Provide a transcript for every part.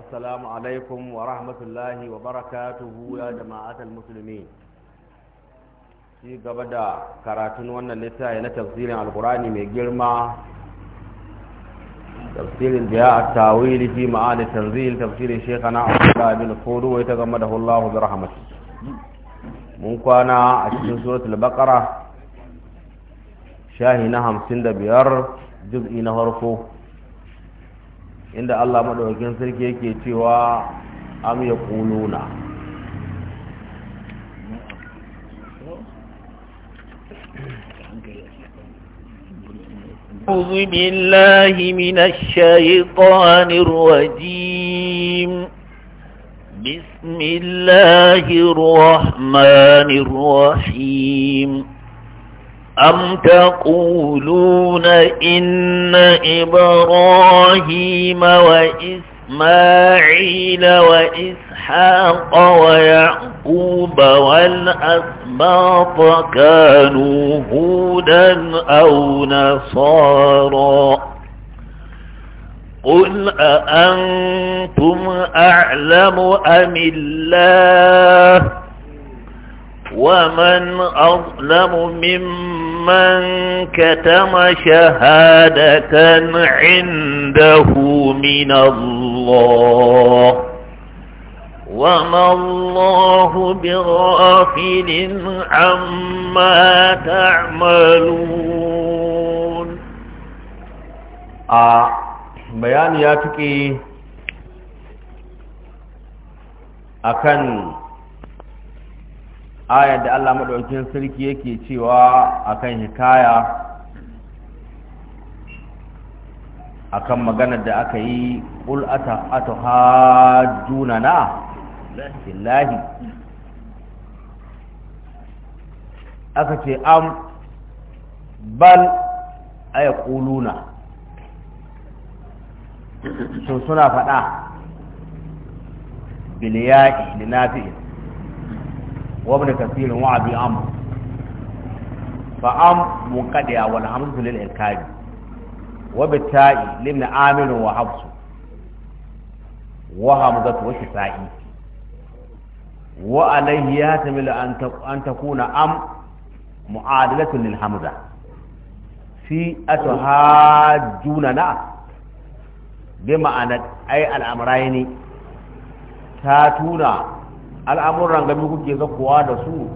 السلام عليكم ورحمة الله وبركاته يا جماعة المسلمين في قبدا كراتون وانا لسا هنا تفسير القرآن من جرمى تفسير البياء التاويل في معاني التنزيل تفسير شيخنا عبد الله بن فود ويتغمده الله برحمته mun kwana a cikin suratul baqara shahi na hamsin da biyar juz'i na farko inda Allah madaukakin sarki yake cewa am yaquluna أعوذ بالله من الشيطان الرجيم بسم الله الرحمن الرحيم أم تقولون إن إبراهيم وإسماعيل وإسحاق ويعقوب والأسباط كانوا هودا أو نصارا قل أأنتم أعلم أم الله ومن أظلم ممن من كتم شهادة عنده من الله وما الله بغافل عما تعملون آه بيان ياتكي أكن ayar da Allah maɗaukin sarki yake cewa akan hikaya akan maganar da aka yi ƙul ata na billahi aka ce am bal aya ƙuluna sun suna faɗa biliya'i linafi'in وابن كثير وعبي أم فأم منقطع والهمز للإنكار وبالتاء لمن آمن وحفص وهمزة وشفائي وعليه يحتمل أن تكون أم معادلة للحمزة في أتهاجوننا بمعنى أي الأمرين تاتونا al'amuran gami kuke zakowa da su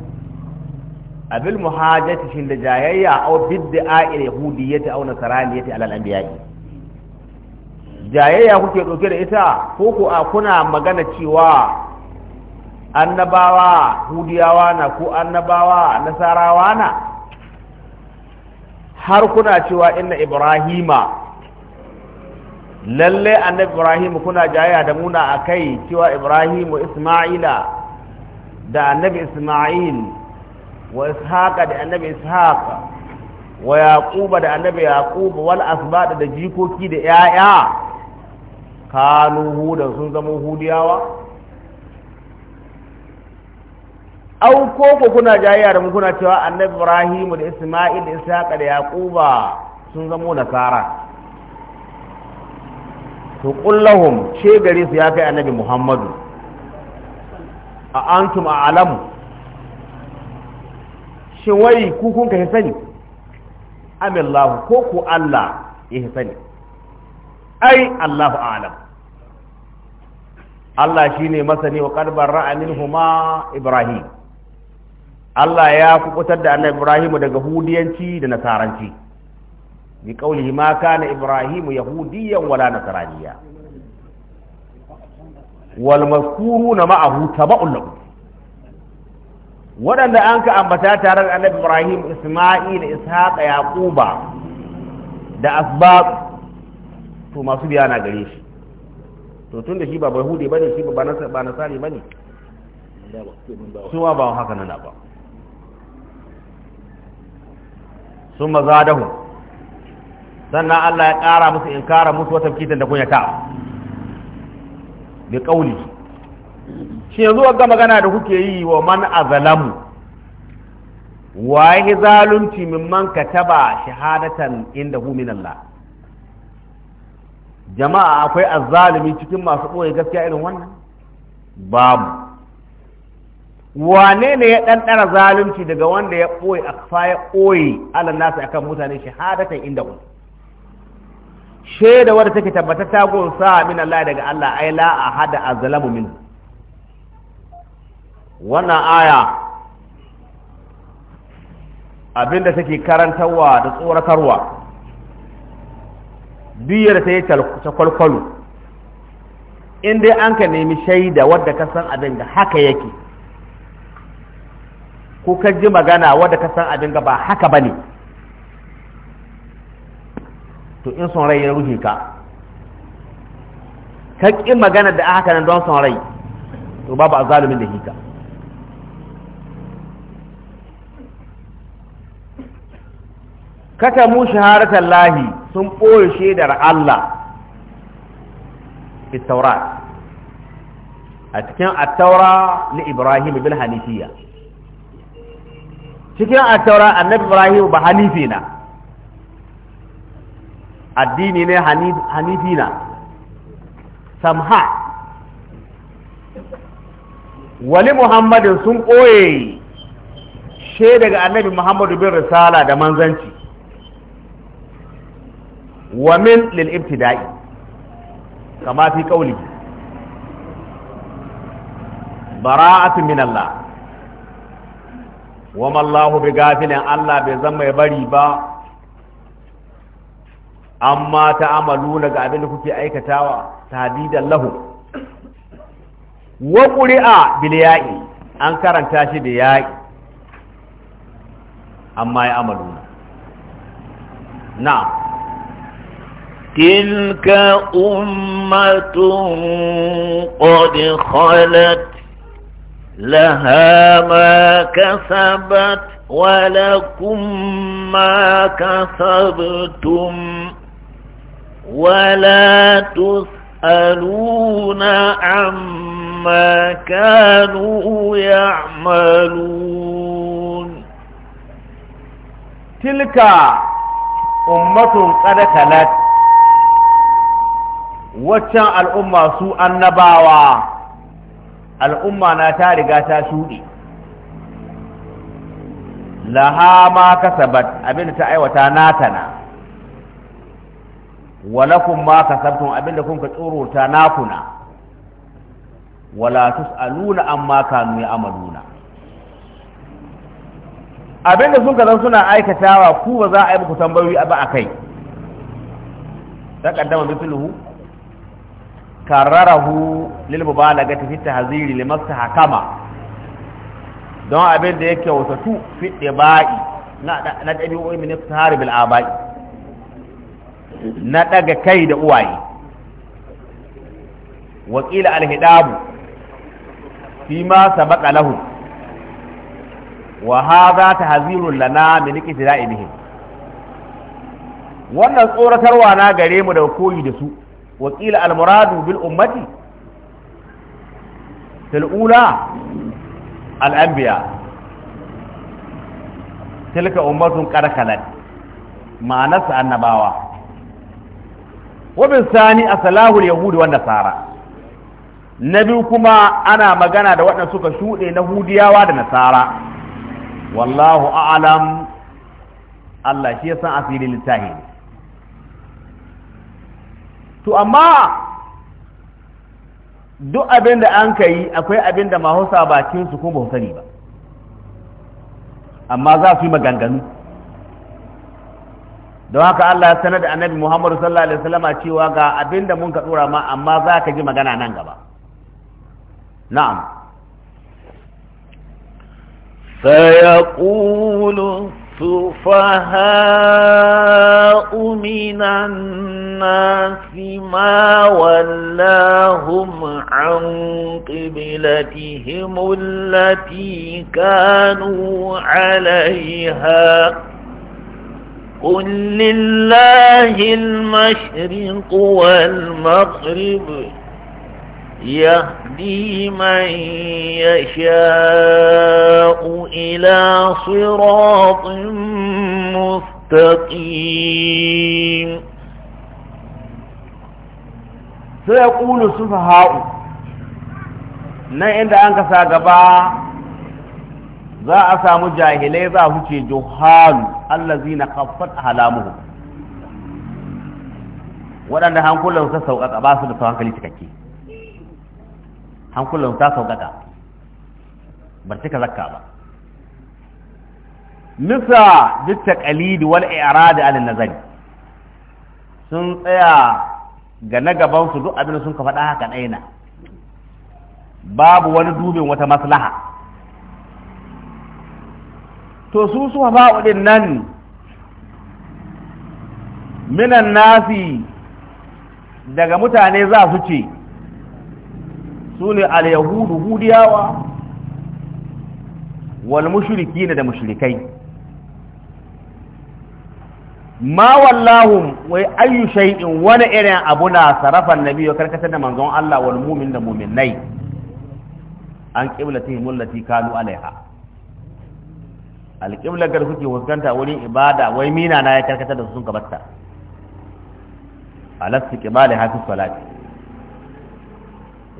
abil muhajjati shi da jayayya aw bid'a il yahudiyyati aw nasraniyyati alal anbiya'i jayayya kuke dauke da ita ko ko a kuna magana cewa annabawa hudiyawa na ko annabawa nasarawa na har kuna cewa inna ibrahima lalle annabi ibrahim kuna jayayya da muna akai cewa ibrahim isma'ila da annabi isma'il wa ishaqa da annabi ishaq wa yaquba da annabi yaqub wal asbad da jikoki da yaya kanu hudan sun zama hudiyawa au ko kuna jayya da muna kuna cewa annabi ibrahim da isma'il da ishaqa da yaquba sun zama nasara to kullahum ce gare su ya kai annabi muhammadu a antum a alamu shi wai kukun ka sani amillahu ko ku allah ya sani ai allahu alam Allah shi ne masani wa ƙarbar ra'amin huma Ibrahim. Allah ya kukutar da annabi Ibrahim daga hudiyanci da nasaranci. bi qawlihi ma kana ibrahimu yahudiyyan wala nasraniyya wal mazkuruna ma'ahu taba'un lahu waɗanda an ka ambata tare da annabi ibrahim isma'il ishaqa yaquba da asbab to masu biya na shi to tun da shi ba yahudi bane ba ba haka sun sannan Allah ya ƙara musu in kara musu wata fitan da kunyata bi kauli shi yanzu wanda magana da kuke yi wa man azalamu waye zalunci mimman kataba shahadatan inda hu min Allah jama'a akwai azzalumi cikin masu ɓoye gaskiya irin wannan babu wane ne ya ɗanɗana zalunci daga wanda ya ɓoye a ya ɓoye ala nasa akan mutane shahadatan inda hu? shaida wadda take tabbata ta gonsa min Allah daga Allah ai la ahada azlamu min wannan aya abinda take karantarwa da tsoratarwa biyar ta yi kwalkwalo. in dai an ka nemi shaida wadda ka san abin da haka yake ko ka ji magana wadda ka san abin ga ba haka ba ne to in son rai ya rufe ka ka ƙi magana da aka nan don son rai to babu azalumin da hika ka mu shaharatan lahi sun ɓoye shaidar Allah fi taurat a cikin attaura na Ibrahim bin hanifiya cikin attaura annabi Ibrahim ba hanifi na addini ne hanifina samha wali muhammadin sun ɓoye she daga annabi muhammadu bin risala da manzanci wa min lil ibtida'i kama fi qawli bara'atu min Allah wa ma Allah bi gafilin Allah bai zama ya bari ba amma ta na ga abin da kuke aikatawa tahdidan lahu wa quri'a bil ya'i an karanta shi da ya'i amma ya amalu na'am تلك أمة قد خلت لها ما كسبت ولكم ما كسبتم ولا تسألون عما كانوا يعملون تلك أمة قد خلت وشان الأمة سوء النباوة الأمة نتارقة تشودي لها ما كسبت أبنت أيوة ناتنا walakum ma kasabtum abinda kun ka tsorota nakuna wala tusaluna amma kanu ya'maluna abinda sun kazan suna aikatawa ku ba za a yi muku tambayoyi ba akai taqaddama mithluhu kararahu lil mubalaghati fi tahziri limastahkama don abinda da yake wasatu fi dibai na na dabi'o'i min tahari bil abai na ɗaga kai da uwaye wakila alhidabu fi ma ta lahu wa hadha tahzirun lana min iqtida'ihim wannan tsoratarwa na gare mu da koyi da su wakila almuradu bil ummati fil ula al anbiya tilka ummatun qad ma'anasa annabawa wabin sani a salahul yahudi wanda nasara na biyu kuma ana magana da waɗanda suka shuɗe na hudiyawa da nasara wallahu a'lam Allah shi ya san asirin littahi to amma duk abin da an akwai abin da mahausa bakin su kuma ba sani ba amma za su yi maganganu don haka Allah ya sanar da annabi Muhammad sallallahu alaihi wasallama cewa ga abinda mun ka tsora ma amma za ka ji magana nan gaba na'am sayaqulu السفهاء من الناس ما ولاهم عن قبلتهم التي كانوا عليها قل لله المشرق والمغرب يهدي من يشاء إلى صراط مستقيم سيقول السفهاء نعم inda an kasa za a samu jahilai za su ce juhalu allazina khaffat halamuhu waɗanda hankulan sa sauƙaƙa ba su da hankali cikakke hankulan sa sauƙaƙa bar cika zakka ba nisa duk taqalid wal i'rad al nazari sun tsaya ga na gaban su duk abin sun ka faɗa haka ɗaya na babu wani dubin wata maslaha to su su hafa'udin nan minan nasi daga mutane za su ce su ne alyahudu hudiyawa wal mushriki da mushrikai ma wallahum wai ayu shay'in wani irin abu na sarafan nabi ya karkatar da manzon Allah wal mu'min da mu'minai an qiblatihim allati kanu alaiha alƙiblar da kuke fuskanta wurin ibada wai mina na ya karkatar da su sun gabata alastu qibali hafi salati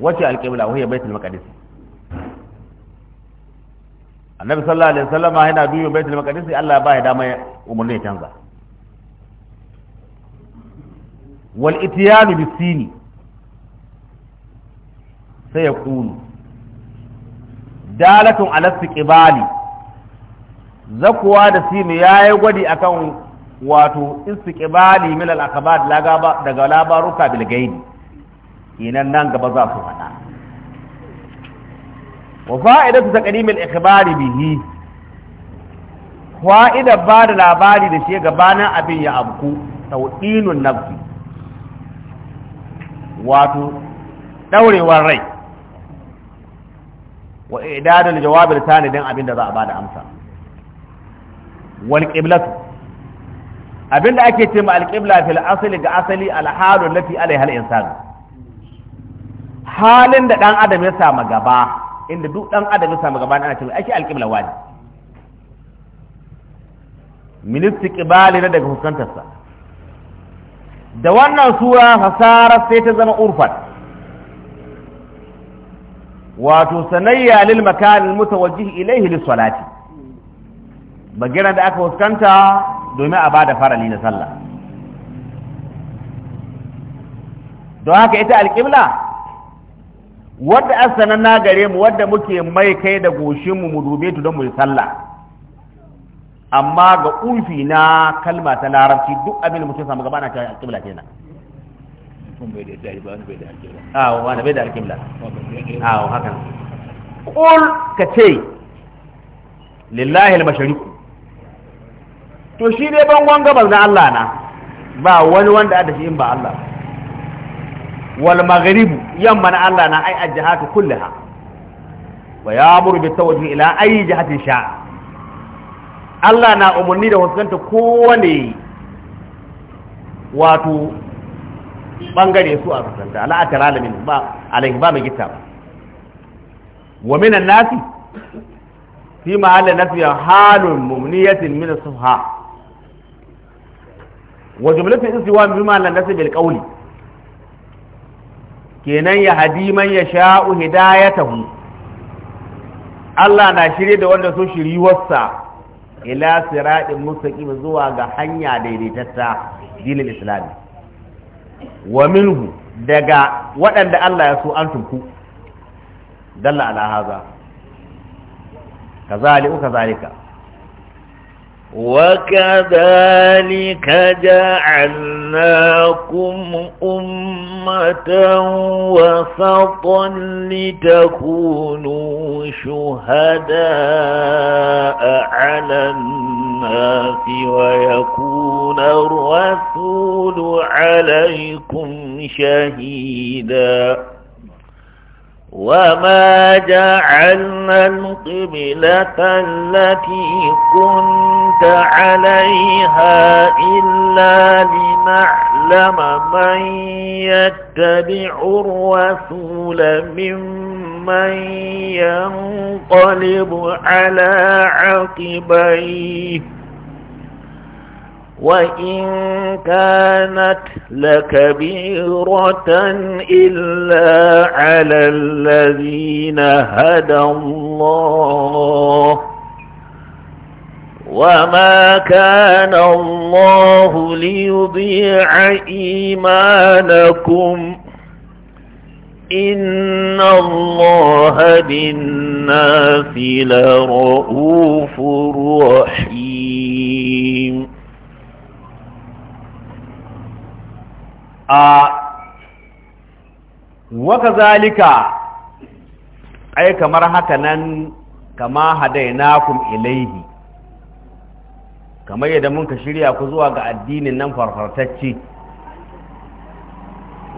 wace alƙibla wai baitul maqdis annabi sallallahu alaihi wasallam yana duyin baitul maqdis Allah ba ya dama umurni ya canza wal itiyanu sini sai ya kunu dalatun alastu qibali zakuwa da sinu ya yi gwadi akan wato istiqbali min al akhbar daga labaruka bil gaibi inan nan gaba za su faɗa wa fa'idatu taqdim al ikhbari bihi fa'ida ba da labari da shi gabanin abin ya abku tawdinun nafsi wato daurewar rai wa idadul jawabi tanidin abin da za a ba da amsa wal qiblatu abinda ake ce ma al qibla fil asli ga asali al halu lati alaiha al insanu halin da dan adam ya samu gaba inda duk dan adam ya samu gaba ana cewa ake alƙibla wani ministi qibali na daga fuskantarsa da wannan sura fasara sai ta zama urfan wato sanayya lil makan mutawajjih ilayhi lis salati bagiran da aka fuskanta domin a bada farali na sallah don haka ita alƙibla wadda asana na gare mu wadda muke mai kai da goshinmu mu dube ta don mu sallah amma ga ulfi na kalma ta larabci duk abin da mutum samu gaba na ta alƙibla kenan alƙibla ƙul ka ce lillahi al-mashariku to shi dai bangon gabas na Allah na ba wani wanda da shi in ba Allah wal magharibu yamma na Allah na ai ajhatu kullaha wa ya'muru bi tawajjuh ila ayi jihati sha Allah na umarni da huskanta kowane wato bangare su a wasanta ala atalalamin ba alaihi ba mai gita ba wa minan nasi fi mahallin nafiya halun mumniyatin min as-sufha wa jumlatul istiwa bima lan nasib bil qawli kenan ya hadi man yasha'u hidayatahu Allah na shirye da wanda so shiriwarsa ila siratin mustaqim zuwa ga hanya daidaitata dinin islami wa minhu daga waɗanda Allah ya so an tunku dalla ala haza kazalika kazalika وكذلك جعلناكم أمة وسطا لتكونوا شهداء على الناس ويكون الرسول عليكم شهيدا وما جعلنا القبلة التي كنت عليها إلا لنعلم من يتبع الرسول ممن ينقلب على عقبيه وإن كانت لكبيرة إلا على الذين هدى الله وما كان الله ليضيع إيمانكم إن الله بالناس لرؤوف رحيم a waka zalika ai kamar haka nan kama hadainakum ilaihi kamar yadda mun ka shirya ku zuwa ga addinin nan farfartacci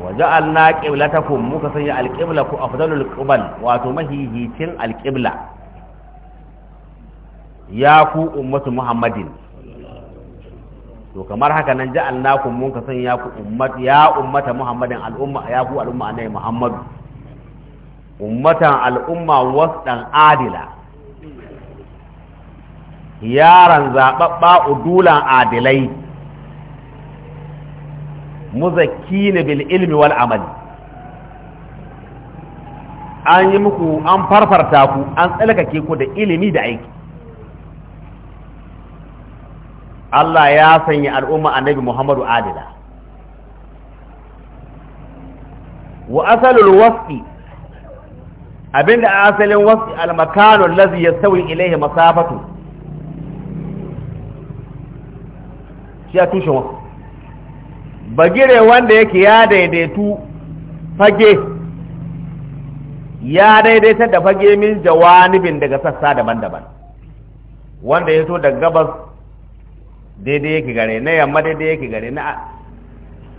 waje alna muka sanya alƙibla ku afdalul qibal wato mahihicin alƙibla ya ku ummatu muhammadin to kamar haka nan annakum mun ka sanya ku ummat ya ummata muhammadin al'umma ya ku al'umma annabi muhammadu ummatan al'umma wasdan adila yaran zababba udulan adilai muzakkina bil ilmi wal amali an yi muku an farfarta ku an tsalkake ku da ilimi da aiki Allah ya sanya al'umma annabi Muhammadu adila wa asalul wasfi abinda a asalin wasfi al-makanu allazi yastawi ilayhi masafatu shi ya tushen wasu bagire wanda yake ya daidaitu fage ya daidaita da fage min jawanibin daga sassa daban-daban wanda ya so daga gabas daidai yake gare na yamma daidai yake gare na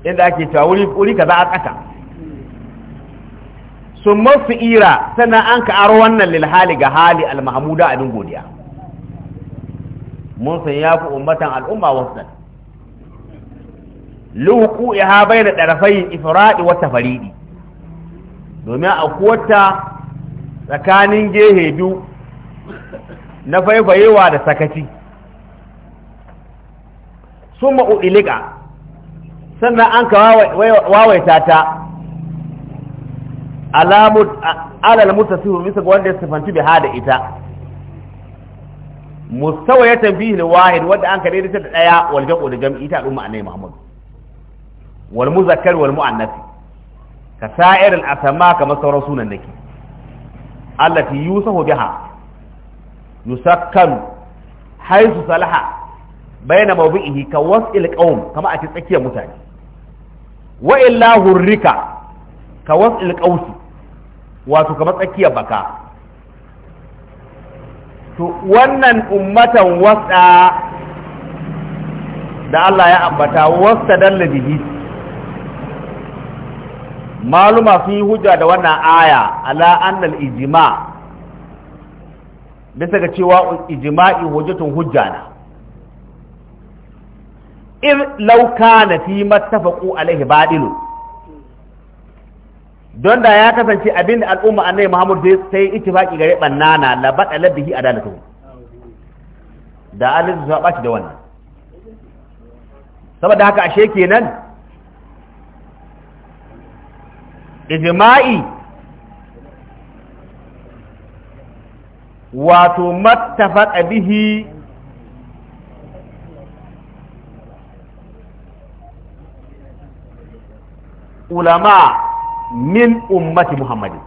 inda ake cewa wuri ka za a ƙasa sun masu ira tana an ka aro wannan lil ga hali al abin godiya mun san ya fi ummatan al'umma wasan luhuku ya bayna darafai ifradi wata tafaridi domin a kuwata tsakanin gehe biyu na faifayewa da sakaci sun ma'udilika sannan an ka wawaita ta alal mutasihu bisa ga wanda ya sifanci bi hada ita mustawa ya tambihi da wahid wadda an ka daidaita da daya wal jam'u da jam'i ta al'umma annabi Muhammad wal muzakkar wal muannas ka sa'ir al asma kamar sauran sunan nake allati yusahu biha yusakkanu haythu salaha bayna mawdi'ihi ka was'il qaum kama a cikin tsakiyar mutane wa hurrika ka was'il wato kama tsakiyar baka to wannan ummatan wasa da Allah ya ambata wasa dalla bihi maluma sun yi hujja da wannan aya ala annal ijma bisa ga cewa ijma'i hujjatun hujja na in lauka na fi mattafaku alaihi badilu don da ya kasance abin da al'umma annai muhammad sai ittifaki gare bannana labaɗa badala a Dalatu da alizu sa ɓaci da wannan saboda haka ashe kenan ijma'i wato mattafaqa bihi ulama min ummati muhammadin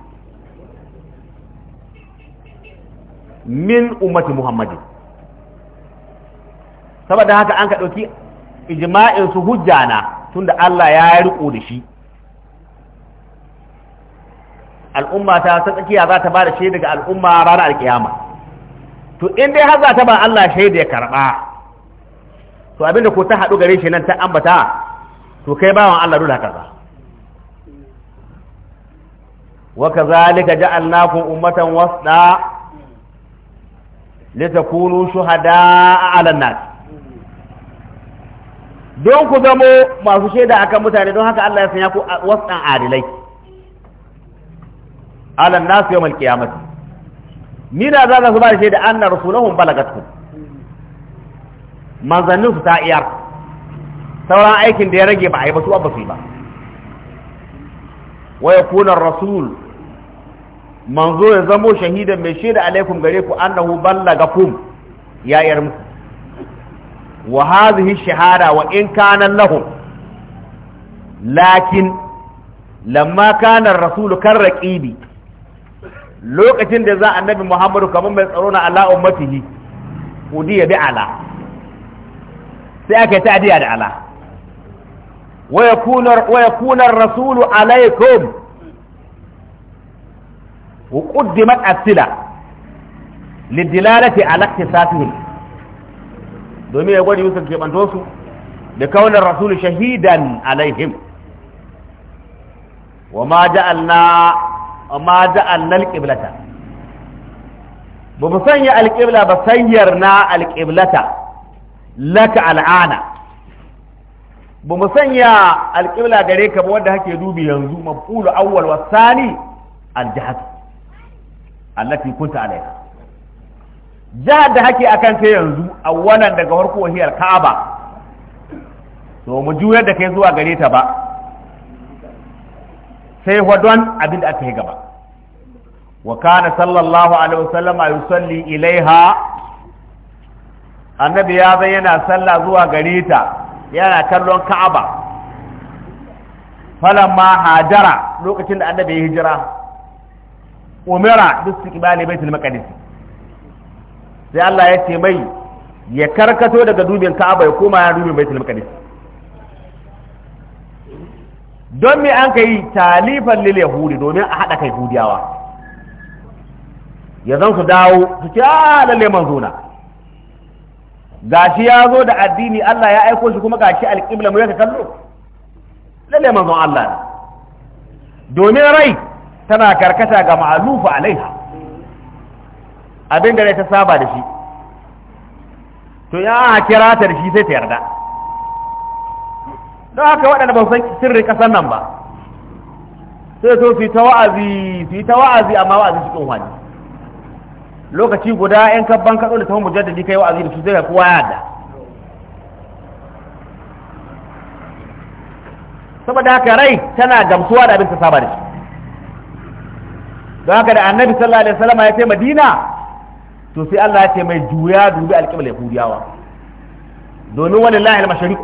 saboda haka an ka ɗauki ijma'in su hujja na tunda Allah ya riko da shi al'umma ta za ta ba da shaida ga al'umma ranar alkiyama to in dai har za ta ba Allah shaida ya karɓa, to abinda ko ta haɗu gare shi nan ta ambata to kai bawan Allah dole ka وكذلك جعلناكم أمة وسطا لتكونوا شهداء على الناس don ku zamo masu shaida akan mutane don haka Allah ya sanya ku wasan adilai alan nasu yawmal qiyamati ni da za su ba da shaida anna rasulahum balagatkum manzannin su ta iyar sauran aikin da ya rage ba a yi ba su ba su yi ba rasul manzo ya zamo shahidan mai shaida alaikum gare ku annahu ballagakum ya yar muku wa hadhihi shahada wa in kana lahum lakin lamma kana ar-rasul karraqibi lokacin da za annabi muhammadu kamar mai tsaro na ala ummatihi udiya bi ala sai aka yi ta'diya da ala wa yakuna wa yakuna ar-rasul alaikum وقدمت السلة للدلالة على اختصاصهم دومي يقول يوسف كيف أنتوسوا لكون الرسول شهيدا عليهم وما جعلنا وما جعلنا القبلة بمسنية القبلة بسيرنا القبلة لك الآن بمسنية القبلة غريك بوده هكي دوبي ينزو مفعول أول والثاني الجهد allati kunta alaiha jihar da hake akan kai yanzu awwalan daga farko wahiyar Ka'aba to mu juyar da kai zuwa gare ba sai wadon abin da aka yi gaba wa sallallahu alaihi wasallam yusalli ilaiha annabi ya zai yana sallah zuwa gare yana kallon Ka'aba falamma hajara lokacin da annabi ya hijira umira duk su kibali baitul maqdis sai Allah ya ce mai ya karkato daga dubin Ka'aba ya koma ya dubin baitul maqdis don me an kai talifan lil yahudi domin a hada kai hudiyawa ya zan su dawo su ce a ah, lalle manzona gashi ya zo da addini Allah ya aiko shi kuma gashi alƙibla mu ya kallo lalle manzon Allah domin rai tana karkata ga ma'alufa alaiha abin da ta saba da shi to ya kira ta da shi sai ta yarda don haka waɗanda ba san sirri ƙasar nan ba sai to su ta wa'azi su ta wa'azi amma wa'azi cikin wani lokaci guda yan kabban kaɗo da ta mu jaddadi kai wa'azi da su zai kowa ya da saboda haka rai tana gamsuwa da abin ta saba da shi don haka da annabi sallallahu alaihi wasallam ya ce madina to sai Allah ya ce mai juya dubi alƙibla yahudiyawa domin wani al-mashariq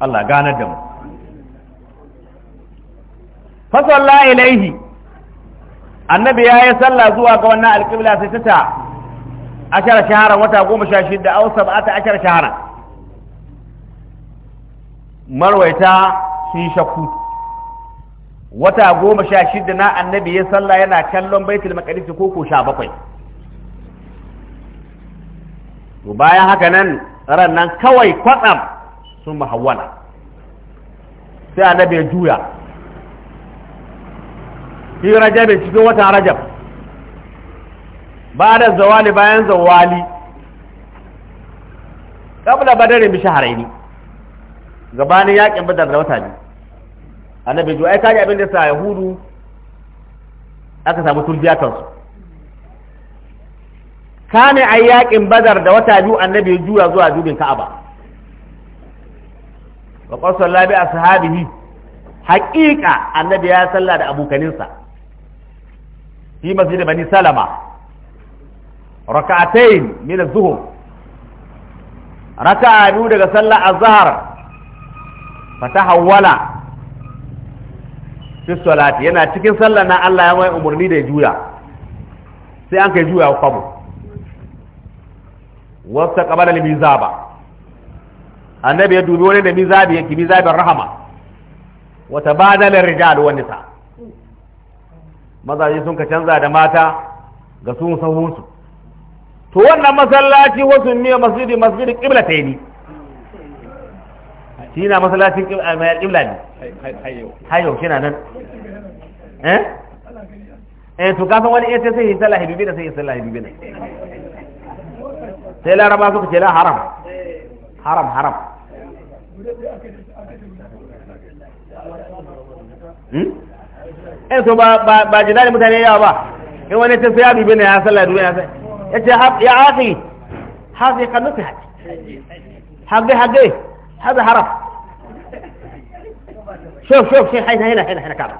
Allah ganar da mu fa salla ilaihi annabi ya yi sallah zuwa ga wannan alƙibla sai ta ashara shaharan wata goma sha shida aw ta ashara shaharan marwaita sun shakku wata goma sha shida na annabi ya sallah yana kallon baitul maqdis ko ko sha bakwai to bayan haka nan ran nan kawai kwatsam sun mahawwala sai annabi ya juya fi rajab cikin watan rajab ba zawali bayan zawali kabla badare bi shahraini gabanin yakin badar da wata biyu annabi jo ai kaji abin da sa yahudu aka samu turjiya kansu kane ai yaƙin badar da wata biyu annabi juya zuwa dubin ka'aba wa qasal labi ashabihi haqiqa annabi ya salla da abukaninsa fi masjid bani salama raka'atayn min az-zuhr raka'a biyu daga sallar fa tahawwala fi salati yana cikin sallah na Allah ya mai umarni da ya juya sai an kai juya kwamu wasta qabala li mizaba annabi ya dubi wani da mizabi yake mizabin rahama wa tabadala rijal wa nisa mazaje sun ka canza da mata ga sun sahunsu to wannan masallaci wasu ne masjidi masjidi qiblataini هنا مثلا في القبلة دي حيو شنا نن ها ايه توقف ولا ايه تسي يسلا حبيبنا سي يسلا حبيبنا سيلا ربا سوك سيلا حرام حرام حرام هم ايه تو با با با جلال متاني يا با ايه وانا تسي يا بيبنا يا سلا دوين يا سلا ايه يا عاقي حاقي قنطي حاجي حاقي حاقي هذا حرام شوف شوف شيخ هنا هنا هنا هنا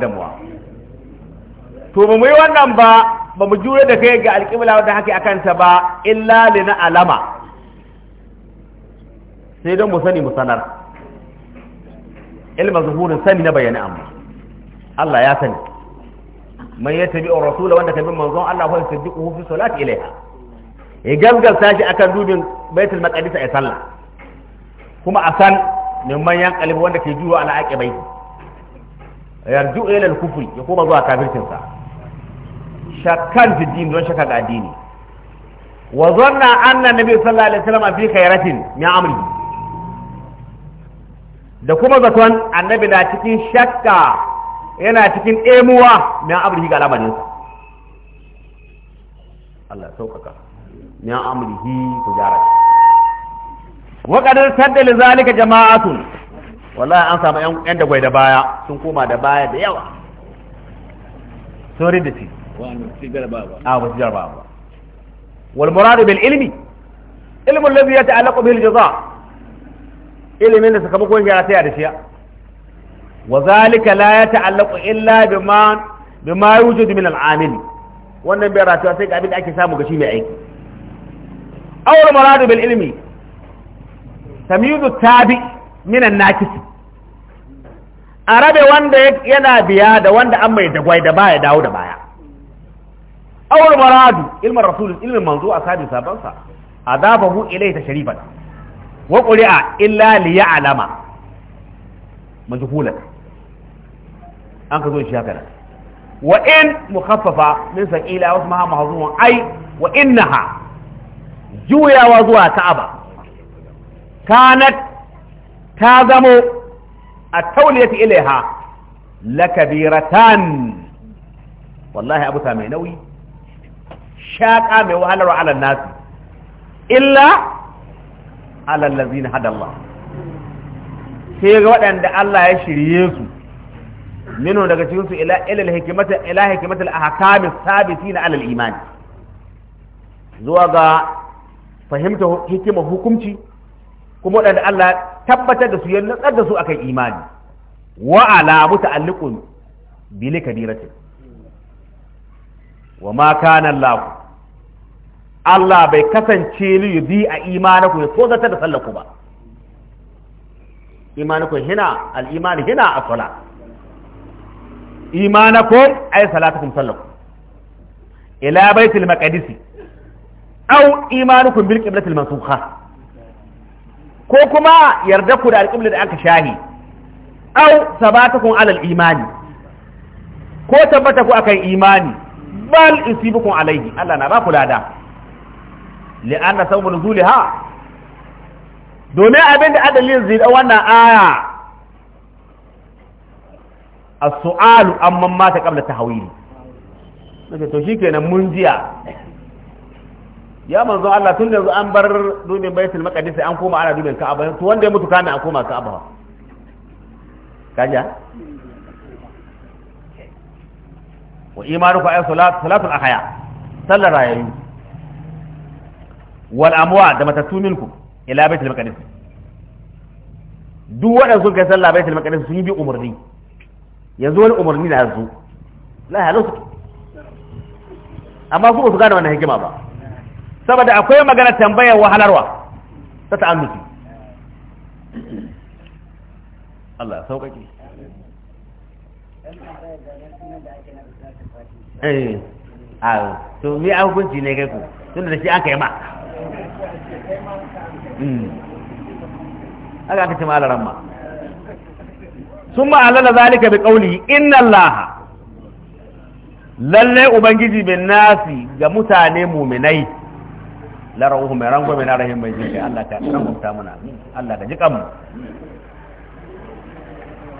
da to ba mu yi wannan ba ba mu jure da kai ga alƙibla wadda a akanta ba illa li na alama sai don mu sani mu sanar ilma zuhurin sani na bayani amma Allah ya sani man ya tabi a rasula wanda ka bin manzon Allah fa yusaddiquhu fi salati ilaiha ya gaskata shi akan dubin baitul maqdis a sallah kuma a san min manyan kalbi wanda ke juwa ala aqibai yarju ila al-kufri ya koma zuwa kafircin sa shakkan fi din don shakka ga addini wa zanna anna nabi sallallahu alaihi wasallam fi khairatin min amri da kuma zaton annabi na cikin shakka yana cikin emuwa min amrihi ga al'amarin sa Allah saukaka min amrihi tijara wa qadar sadda zalika jama'atun wallahi an samu yan da gwai da baya sun koma da baya da yawa sorry da ci a ba su jarba ah, ba wal muradu bil ilmi ilmin lafi ya ta'allaqu bil jaza ilimin da sakamakon ya ta da shiya wa zalika ya ta'allaqu illa wannan bai rasuwa sai abin da ake samu ga shi mai aiki aw al bil ilmi tamyizu tabi min an arabe wanda yana biya da wanda an mai dagwai da baya dawo da baya awar maradu ilmin rasul ilmin manzo a sabin sabansa adabahu ilayhi tashrifan wa quri'a illa li ya'lama majhulan an ka zo shi haka wa in mukhaffafa min saqila wa ismaha mahzun ai wa innaha juyawa zuwa ka'aba kanat ta zamo a tauliyati ilaiha lakabiratan wallahi abuta mai nauyi shaƙa mai wahalar alal nasi illa alal na hadallah sai ga waɗanda Allah ya shirye su minu daga cikinsu su ila ilal a hakamin hikmatil na alal imani zuwa ga fahimta hikima hukunci kuma waɗanda Allah tabbatar da su ya nutsar da su akan imani wa ala muta'alliqun bi kabiratin wa ma kana Allah Allah bai kasance li yudi a imanaku ya tozata da sallaku ba imanaku hina al-iman hina a sala imanakum ay salatukum sallaku ila baitul maqdis aw imanukum bil qiblatil mansukha ko kuma yarda ku da alƙibla da aka shahi au sabatakum alal imani ko tabbata ku akan imani bal yusibukum alayhi Allah na ba ku lada li'anna sawmu nuzuliha domin abin da adalin zai da wannan aya as-su'alu amman mata qabla tahwili nake to shikenan mun jiya ya manzo Allah tun da an bar dubin baitul maqdis an koma ana dubin ka'aba to wanda ya mutu kana an koma ka'aba kaja wa imanukum ay salatu salatul ahya sallar rayayu wal amwa da matattu minkum ila baitul maqdis duk waɗanda sun kai sallah baitul maqdis sun yi bi umarni yanzu wani umarni na yanzu la halu amma su ba su gane wannan hikima ba saboda akwai magana tambayar wahalarwa ta ta'annuti Allah sauƙaƙe eh a to me a hukunci ne kai ku tunda da shi an kai ma hmm. aka aka ce ma alaran ma sun ma alala zalika bi qawli inna allaha lalle ubangiji bin nasi ga mutane muminai la ra'uhu mai rango mai narahin mai jinkai Allah ka rangumta muna Allah ka jikan mu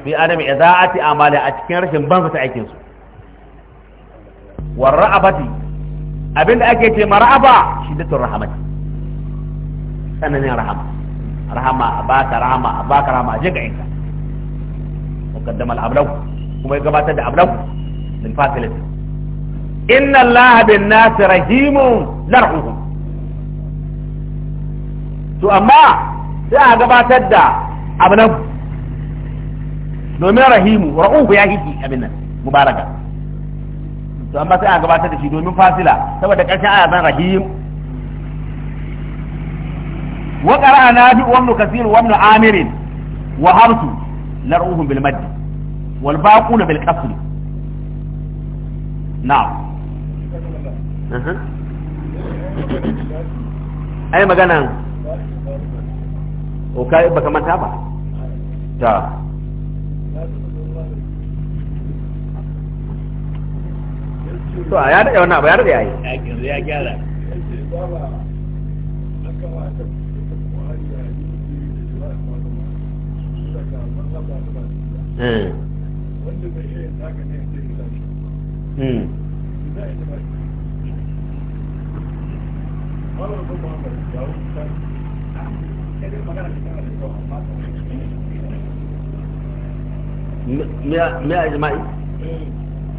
bi adami izaati amali a cikin rashin ban ta aikin su والرعبتي أبن أكيتي مرعبا شدت الرحمة أنني رحمة رحمة أباك رحمة أباك رحمة جيك عيسى مقدم الأبلو وما يقبات الأبلو من فاتلة إن الله بالناس رحيم لرحوه تو أما لا أقبات الدى أبلو نومي رحيم رؤوه يا هيكي أبنى مباركة to amma sai a gabatar da shi domin fasila saboda ƙarshen aya zan rahim wa qara'a nabi wa ibn kasir wa ibn amir wa harsu laruhum bil madd wal baquna bil qasr na'am uh-huh. ai maganan o kai baka manta ba ta to ya daɗe wannan abu ya daɗe ya gyara hmm. Hmm. me a jima'i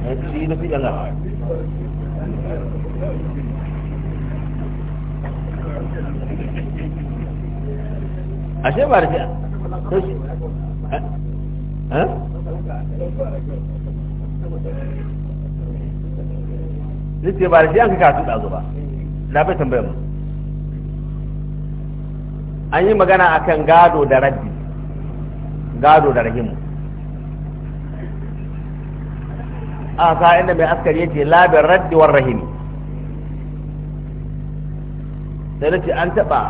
ashe ba da shi Zai ce ba da shi an kaka su ɗazu ba, na bai tambayar mu. An yi magana akan gado da rabbi, gado da rahimu. asa inda mai askari yake labin raddiwar rahimi sai ce an taɓa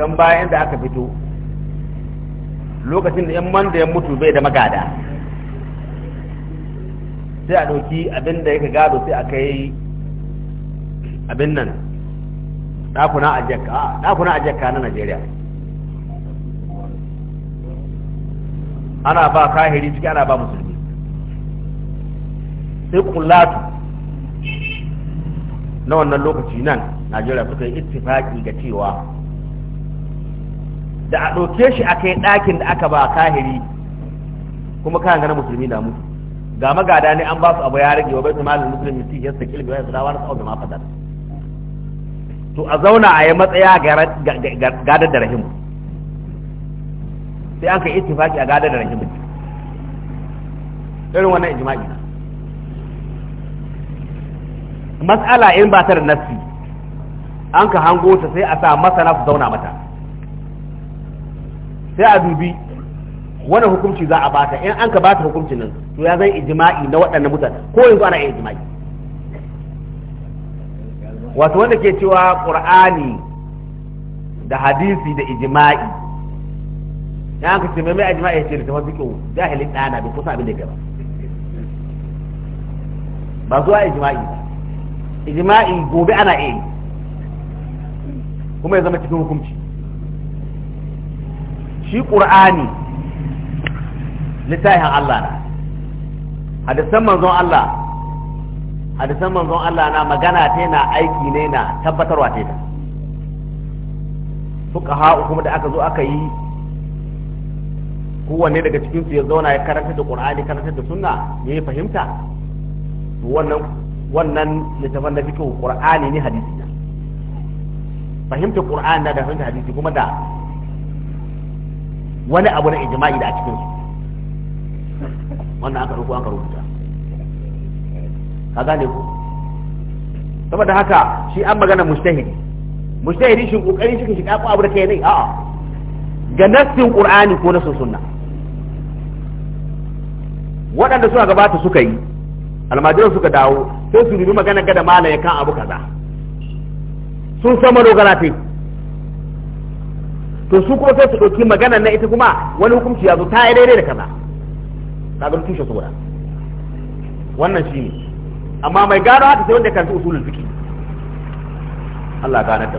kan bayan da aka fito lokacin da yan manda ya mutu bai da magada sai a ɗauki abin da yake gado sai a kai abin nan a ɗakuna a jakka na najeriya ana ba kahiri ciki ana ba musulmi sai kullatu na wannan lokaci nan najeriya suka yi ittifaki ga cewa da a ɗauke shi a kai ɗakin da aka ba kahiri kuma kayan gana musulmi na mutu ga magada ne an ba su abu ya rage wa baitul malin musulmi ti yasta kilbi wa sadawa na tsawon da ma fadar to a zauna a yi matsaya gadar da rahimu sai an kai ittifaki a gadar da rahimu irin wannan ijma'i na mas'ala in ba ta da nassi an ka hango ta sai a sa masana su zauna mata sai a dubi wani hukunci za a bata in an ka bata hukuncin nan to ya zai ijma'i na waɗannan mutane ko yanzu ana iya ijma'i wato wanda ke cewa qur'ani da hadisi da ijma'i ya ka ce mai ijma'i ya ce da tafi jahilin dana bai kusa abin da ke ba ba zuwa ijma'i ba ijma'i gobe ana iya kuma ya zama cikin hukunci shi ƙur'ani littafin Allah na hadisan manzon Allah hadisan manzon Allah na magana ta na aiki ne na tabbatarwa ta ta suka ha'u kuma da aka zo aka yi kowanne daga cikinsu ya zauna ya karanta da ƙur'ani karanta da sunna ya yi fahimta wannan wannan littafin da fito qur'ani ne hadisi na fahimta qur'ani da fahimta hadisi kuma da wani abu na ijma'i da a cikin su wannan aka rubuta aka rubuta ka ne ku saboda haka shi an magana mustahidi mustahidi shi kokari shi shiga ko abu da kai ne a'a ga nassin qur'ani ko nassin sunna waɗanda suka gabata suka yi almajiran suka dawo sai su rubi magana ga da malaya kan abu kaza sun san madogara ta to su kuma sai su dauki magana na ita kuma wani hukunci ya zo ta yi daidai da kaza kaga tushe sura wannan shi ne amma mai gano haka sai wanda ya karanta usulul fiqh Allah gane da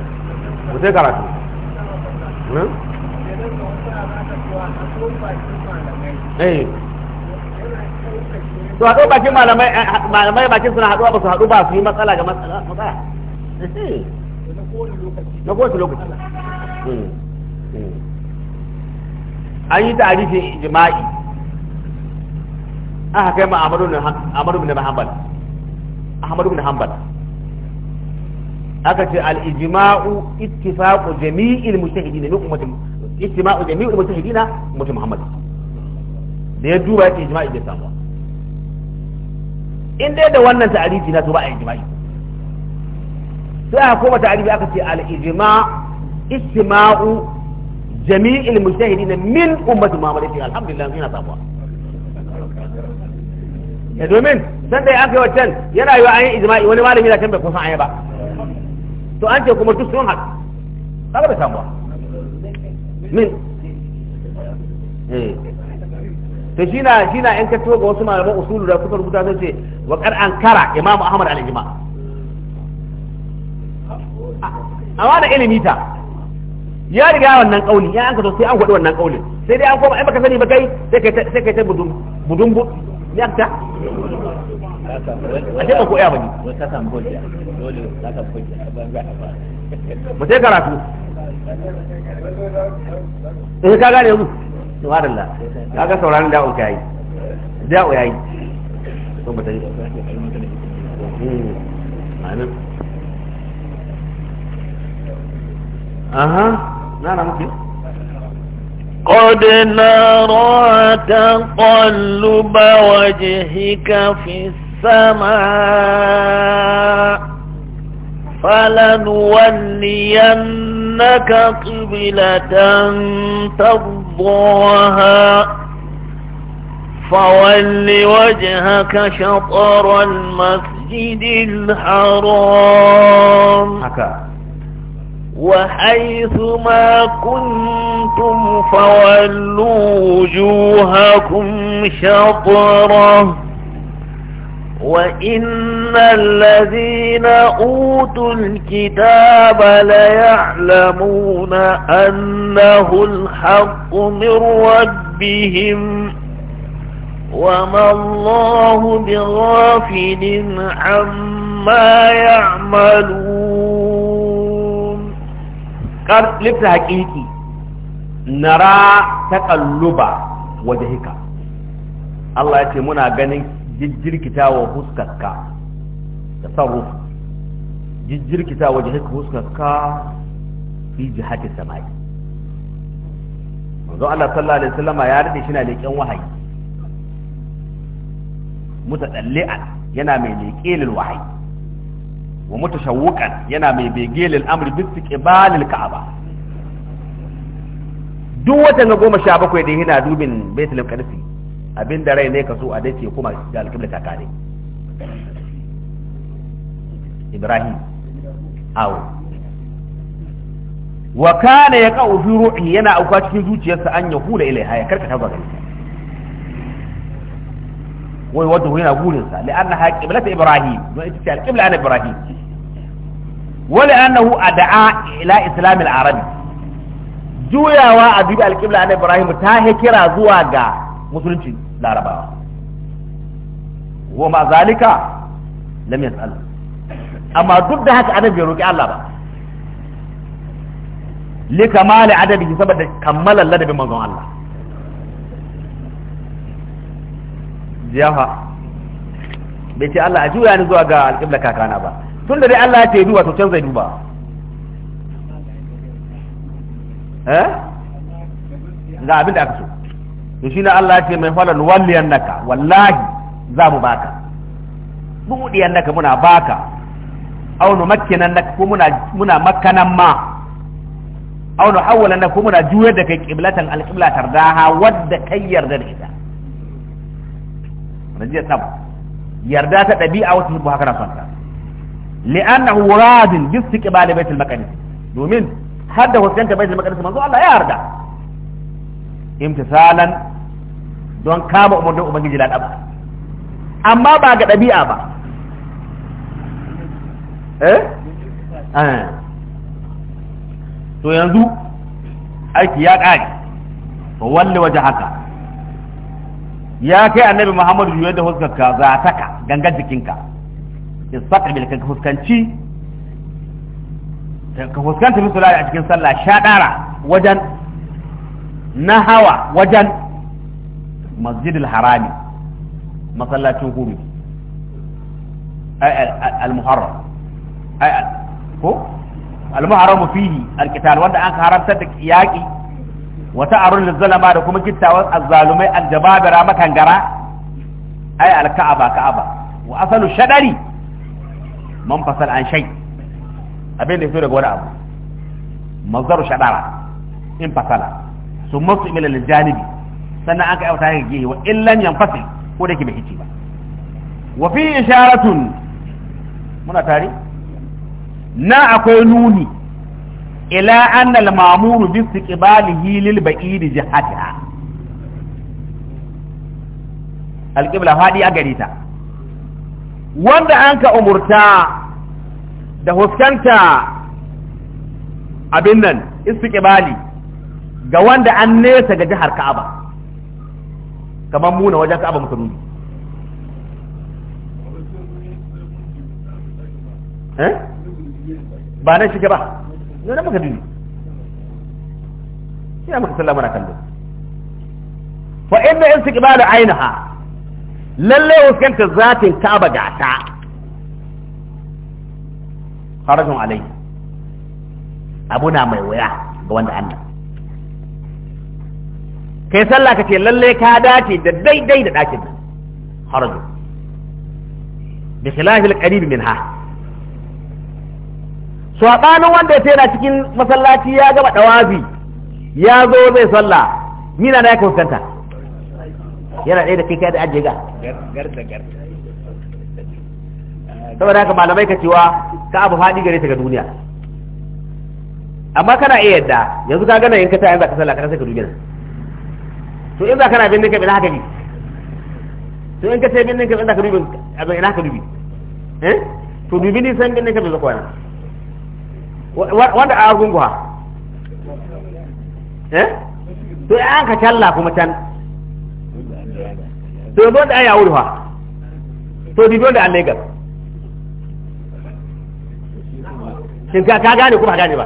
ku sai karatu hmm? eh to haɗo bakin malamai eh, malamai bakin suna haɗuwa ba su haɗu ba su yi matsala ga matsala eh, na kowace lokaci hmm, hmm. an yi tarihin jima'i an haka ma Ahmadu bin Hanbal Ahmadu bin Hanbal aka ce al-ijma'u ittifaqu jami'il mujtahidin min ummati ittifaqu jami'il mujtahidin ummati Muhammad da ya duba yake ijma'i da samu in dai da wannan ta'arifi na to ba a ijma'i sai aka koma ta'arifi aka ce al-ijma' istima'u jami'il mujtahidin min ummati Muhammad sai alhamdulillah ya domin san dai aka yi wancan yana yi wa yi ijma'i wani malami na tambaye kusan ayi ba to an ce kuma duk sun kaga samuwa min eh ta shi na shi na in ka toga wasu malaman usulu da suka rubuta sai ce wa kar an kara imam ahmad al ijma amma da ilimi ta ya riga wannan kauli ya an ka to sai an gwada wannan kaulin sai dai an koma ai baka sani ba kai sai kai sai kai ta budun budun bu ne ta a ce ba ko ya bane wata samu hujja dole ta samu hujja ba mu sai karatu eh ka gane yanzu subhanallah kaga sauraron da'u ta yi da'u yayi to ba ta yi aha nana muke قد نرى تقلب وجهك في السماء فلنولينك قبلة ترضى ضاها فول وجهك شطر المسجد الحرام وحيث ما كنتم فولوا وجوهكم شطره وإن الذين أوتوا الكتاب ليعلمون أنه الحق من ربهم وما الله بغافل عما يعملون قال لبس حقيقي نرى تقلب وجهك الله يتمنى ganin jijjirkita wa huskarka da sarruf jijjirkita wa jihar huskarka fi jihati samai manzo Allah sallallahu alaihi wasallam ya rade shi na leƙen wahayi mutadalli'an yana mai leƙelil wahayi wa mutashawwiqan yana mai begelil amri bi istiqbalil ka'aba duk watan goma sha bakwai da yana dubin baitul qadsi da rai ne ka so a dace kuma da alƙibla ta kare ibrahim awo wa kana ya kawo fi ruhi yana auka cikin zuciyarsa an ya hula ilai haya karka ta gari wai wata yana gurin sa la'anna ha ta ibrahim don ita ce alqibla an ibrahim wa la'annahu ad'a ila islam al juyawa a bibi alqibla an ibrahim ta kira zuwa ga musulunci larabawa wa ma zalika lam yas'al amma duk da haka annabi bai roki Allah ba li kamali adadihi saboda kammalan ladabin manzon Allah jiyafa bai ce Allah a juya ni zuwa ga alƙibla kakana ba tun da dai Allah ya ce duba to can zai duba eh ga abin da aka so to shine Allah ya ce mai falal walliyan naka wallahi za mu baka buɗiyan naka muna baka aw nu makkinan naka ko muna muna makkanan ma aw nu hawwalan naka ko muna juyar da kai qiblatan alqibla tardaha wadda kai yarda da ita rajiya tab yarda ta dabi'a wata hibbu haka na fanta li'annahu muradin bi istiqbal baitul maqdis domin hadda wasanta baitul maqdis manzo Allah ya yarda imtisalan don kama umarnin ubangiji na ɗaba amma ba ga ɗabi'a ba eh, eh. to yanzu aiki ya ƙare fa walle waje haka ya kai annabi muhammadu yadda da huskarka za ta ka gangan jikinka bil ka fuskanci ka fuskanta misali a cikin sallah sha ɗara wajen na hawa wajen masjidil harami masallacin huru al-muharram ko al-muharram fihi al-qital wanda an haramta da yaki wa ta'arul zalama da kuma kittawan azzalumai al-jababira makangara ay al-ka'aba ka'aba wa asalu shadari man fasal an shay abin da fito daga wani abu mazdaru shadara in fasala summa su ila al-janibi sannan aka yauta ya gehe wa illan yanfasi ko da ke bai ci ba wa fi isharatun muna tare na akwai nuni ila anna al-ma'muru bi istiqbalihi lil ba'id jihatiha al-qibla fadi a gari ta wanda an ka umurta da huskanta abin nan istiqbali ga wanda an nesa ga jihar Ka'aba kamar muna wajen ka'aba muka nuni eh? ba nan shike ba yau nan muka dini shi na muka sallama na kallo fa inda in suke bada ainiha lallai fuskantar zatin ka'aba gata harajin alai abu na mai wuya ga wanda annan kai sallah ka ce lalle ka dace da daidai da ɗakin nan haraju bi khilafil qarib minha so abanin wanda ya na cikin masallaci ya gaba dawazi ya zo zai sallah na da ya fuskanta yana ɗaya da kai kai da ajiye ga saboda haka malamai ka cewa ka abu faɗi gare ta ga duniya amma kana iya yadda yanzu ka gana in ka ta yanzu ka sallah ka sai ka duniya to in za kana bin ninka ina haka bi to in ka ce bin ninka ina haka dubi abin ina haka dubi eh to dubi ni san bin ninka bai zakwana wanda a gunguwa eh to an ka talla kuma can to yanzu da ai yawuri to dubi wanda an Lagos kin ka gane kuma ka gane ba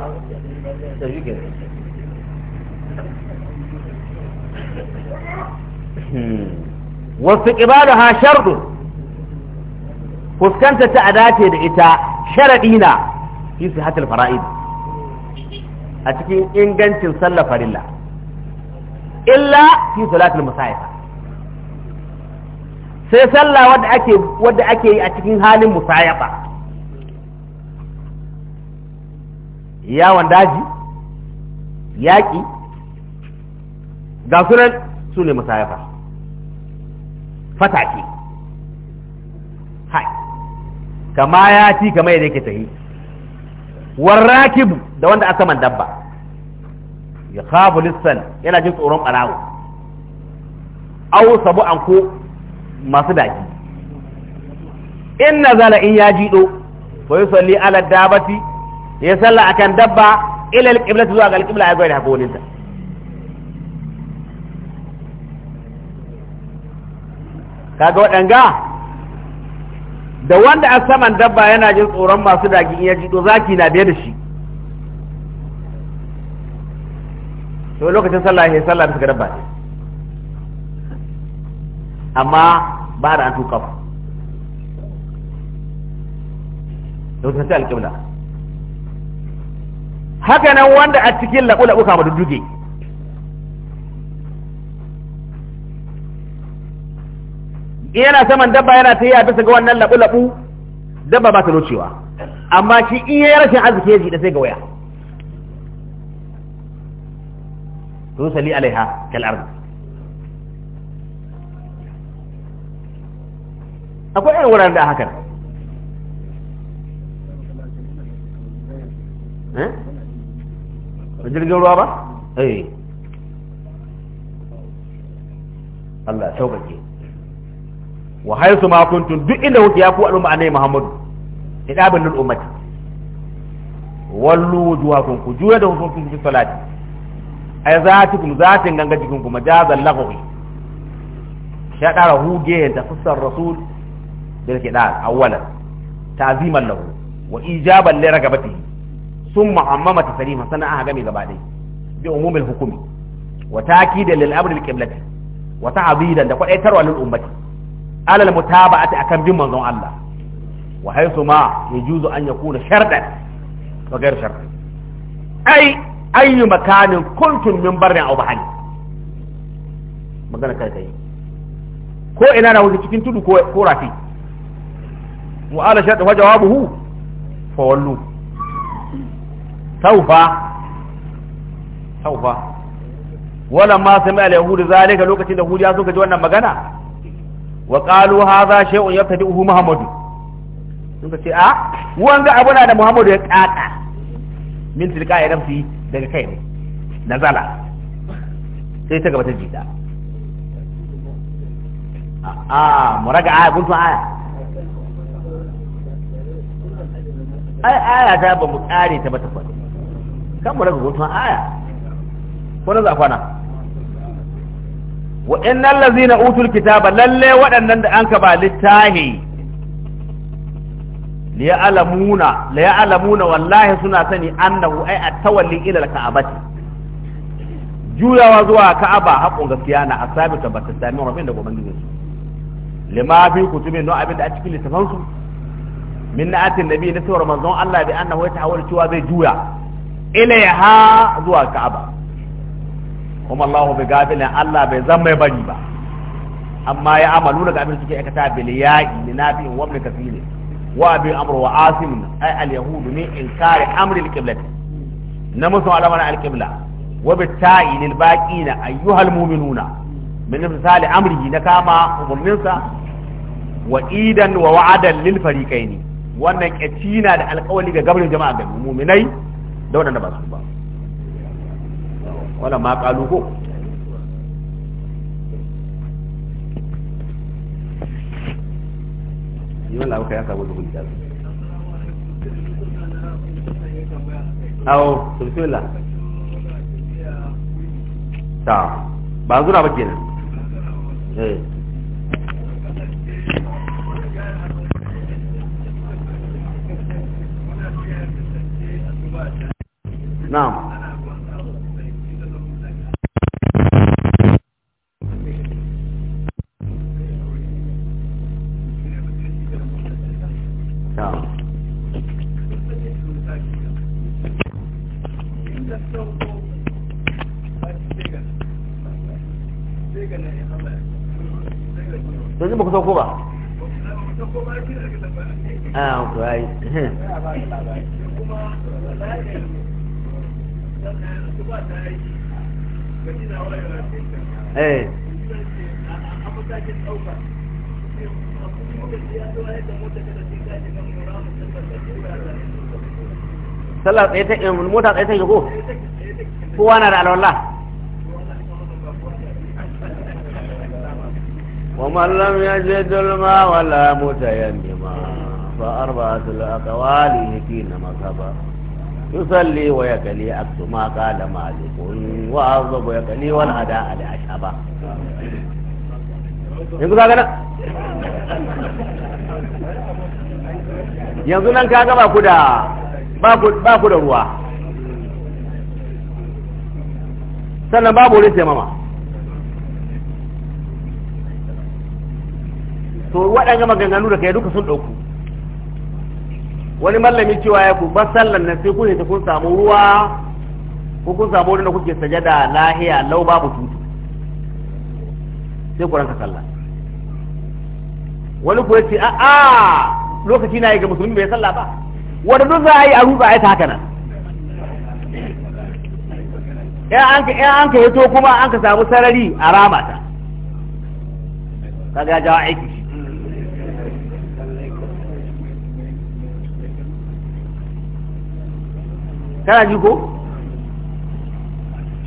wasu ibada ha sharɗu fuskanta ta a dace da ita sharaɗi na fi su hatar fara'id a cikin ingancin sallar farilla illa fi salatul musa'ifa sai sallah wadda ake wadda ake yi a cikin halin musayafa yawon daji yaƙi ga sunan su ne musayafa fata ce hai kama ya ci kama yadda yake tahi warrakibu da wanda aka man dabba ya khabu lissan yana jin tsoron barawo au sabu an ko masu daki in zala in ya jido fa yusalli ala dabati ya salla akan dabba ila alqiblati zuwa ga alqibla ya gwada hakolinta kaga waɗanga da wanda a saman dabba yana jin tsoron masu dagin ya jido zaki na biye da shi to lokacin sallah ya sallah bisa dabba amma ba da an tuka ba lokacin sai alƙibla haka nan wanda a cikin laɓu-laɓu kama dudduge in yana saman dabba yana ta yi a bisa ga wannan labu-labu dabba ba ta locewa amma shi in yi rashin arziki ya jiɗa sai ga waya tusali alaiha kal arzi akwai irin wuraren da hakan eh jirgin ruwa ba eh Allah sauƙaƙe wa haisu ma kuntum duk inda kuke ya ku al'umma annabi Muhammadu idabin lil ummati wallu wujuhakum ku juya da hukunku fi salati ay zatikum zatin ganga jikin ku majazan lagwi ya dara huge da fassar rasul bil kidal awwalan ta'ziman lahu wa ijaban li ragabatihi ثم عمم تسليما hukumi أهجمي غبادي بأموم الحكم وتأكيدا للأمر الكبلة وتعبيدا دقوا أي تروى ummati. alal mutaba'ati akan bin manzon Allah wa haythu ma yajuzu an yakuna shartan wa ghayr shartan ai ayyu makanin kuntum min barrin aw bahani magana kai kai ko ina na wuce cikin tudu ko rafi wa ala shartu wa jawabuhu fa wallu saufa saufa wala ma sami al-yahudi lokacin da ji wannan magana wa qalu hadha shay'un yabtadi'uhu muhammadu sun ce a ah, wanga abuna na da muhammadu ya kaka min tilka ya nafsi daga kai ne nazala sai ta gaba ta jida a muraga aya kun aya ai aya ta ba mu kare ta ba ta kwana kan muraga kun aya ko na za kwana wa innal ladzina utul kitaba lalle waɗannan da anka ba littahi liya'lamuna liya'lamuna wallahi suna sani annahu ay at-tawalli ila al-ka'abati juyawa zuwa ka'aba haƙon gaskiya na asabi ta bata sami rabin da ubangiji su lima fi kutubin no abin da a cikin littafan su min na'atin nabi na sawar manzon Allah bi annahu ya tahawwal cewa zai juya ilaiha zuwa ka'aba kuma Allahu bi gafilin Allah bai zan mai bari ba amma ya amalu daga abin suke aikata bil ya'i li nafi'in wa ibn kathir wa bi amr wa asim ay al yahud min inkari amri al qibla na musu alamana al qibla wa bi ta'i lil baqina ayyuha al mu'minuna min misali amrihi na kama umurninsa wa idan wa wa'adan lil fariqaini wannan kacina da alƙawari ga gabarin jama'a ga mu'minai da wadanda ba su ba wannan ma kalu ko yi wannan abu wani hujja awo ta ba zura ba kenan eh sauko ba ah, eh. sallah tsaye ta eh, mota tsaye ta ko kowa na da alwallah ومن لم يجد الماء ولا متيمما فأربعة الأقوال فينا مذهبا يصلي ويكلي عكس ما قال مالك وعظب ويكلي والأداء لأشهبا yanzu kaga nan yanzu nan kaga ba ku da ba ku da ruwa sannan babu wurin taimama to waɗanga maganganu da kai duka sun ɗauku wani mallami cewa ya ku ba sallan nan sai kun kun samu ruwa ko kun samu wurin da kuke sajada lahiya lau babu tutu sai ku ranka sallah wani kuwa ce a a lokaci na yi ga musulmi bai sallah ba wanda duk za a yi a rufe a yi ta haka nan ya an ka hito kuma an ka samu sarari a ramata kaga ya jawo aiki kana ji ko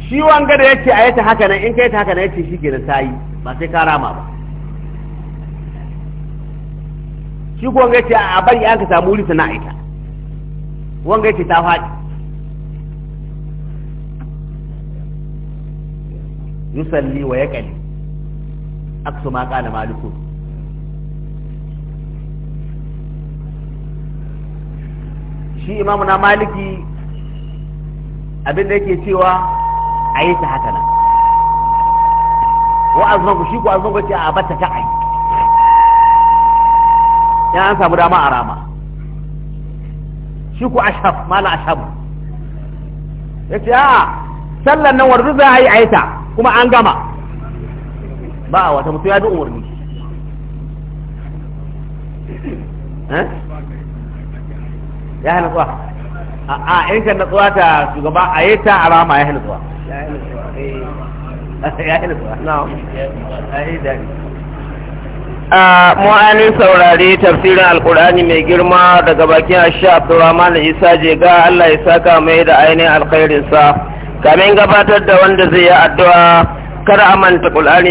shi wanga da yace a yata haka nan in kai ta haka nan yace shikenan sayi ba sai ka rama ba shi ko wanga yace a bari an ka samu wuri sana ita wanga yace ta faɗi yusalli wa yaqali aksu ma kana maliku shi imamu na maliki abin da yake cewa a yi ta haka nan wa azmagu shi ko azmagu ce a batta ta ai ya an samu dama a rama shi ku ashaf mala ashabu ya ce a sallan nan wanda za a yi aita kuma an gama ba a wata mutu ya duk umarni eh? ya hana tsawa a in ka natsuwa ta shugaba a yi ta arama ya hinatsuwa a mu'anin saurari tafsirin alkurani mai girma daga bakin ashe abdurrahman isa je ga allah ya saka mai da ainihin alkhairinsa kamin gabatar da wanda zai yi addu'a kar a manta kulani